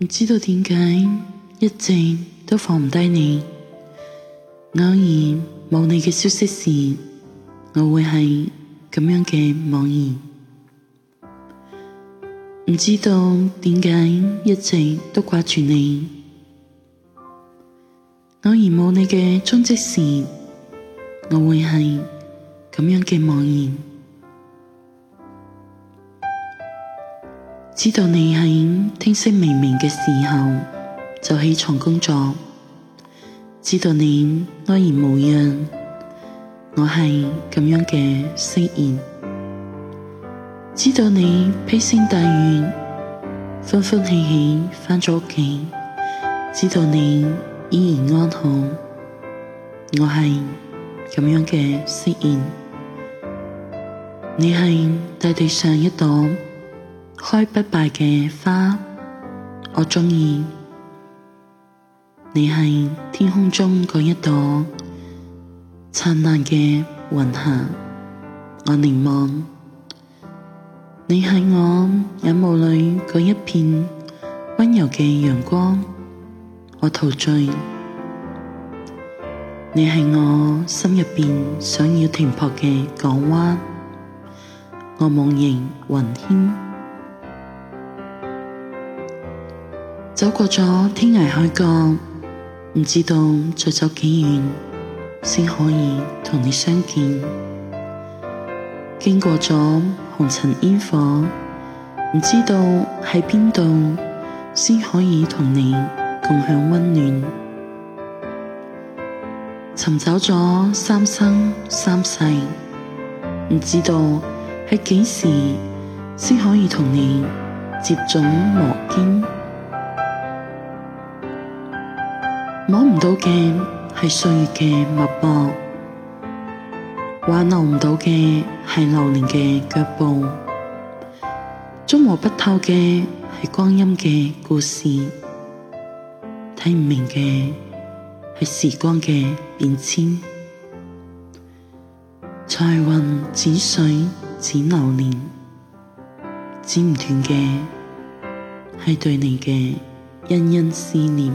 唔知道點解一直都放唔低你，偶然冇你嘅消息時，我會係咁樣嘅茫然。唔知道點解一直都掛住你，偶然冇你嘅蹤跡時，我會係咁樣嘅茫然。知道你喺天色明明嘅時候就起床工作，知道你安然無恙，我係咁樣嘅釋然。知道你披星戴月，歡歡喜喜返咗屋企，知道你依然安好，我係咁樣嘅釋然。你係大地上一朵，開不敗嘅花，我鍾意。你係天空中嗰一朵燦爛嘅雲霞，我凝望。你係我眼眸裏嗰一片溫柔嘅陽光，我陶醉。你係我心入邊想要停泊嘅港灣，我夢縈魂牽。走過咗天涯海角，唔知道再走幾遠，先可以同你相見。經過咗紅塵煙火，唔知道喺邊度，先可以同你共享溫暖。尋找咗三生三世，唔知道喺幾時，先可以同你接踵摩肩。摸唔到嘅係歲月嘅脈搏，挽留唔到嘅係流年嘅腳步，捉摸不透嘅係光陰嘅故事，睇唔明嘅係時光嘅變遷。彩雲剪水指，剪流年，剪唔斷嘅係對你嘅殷殷思念。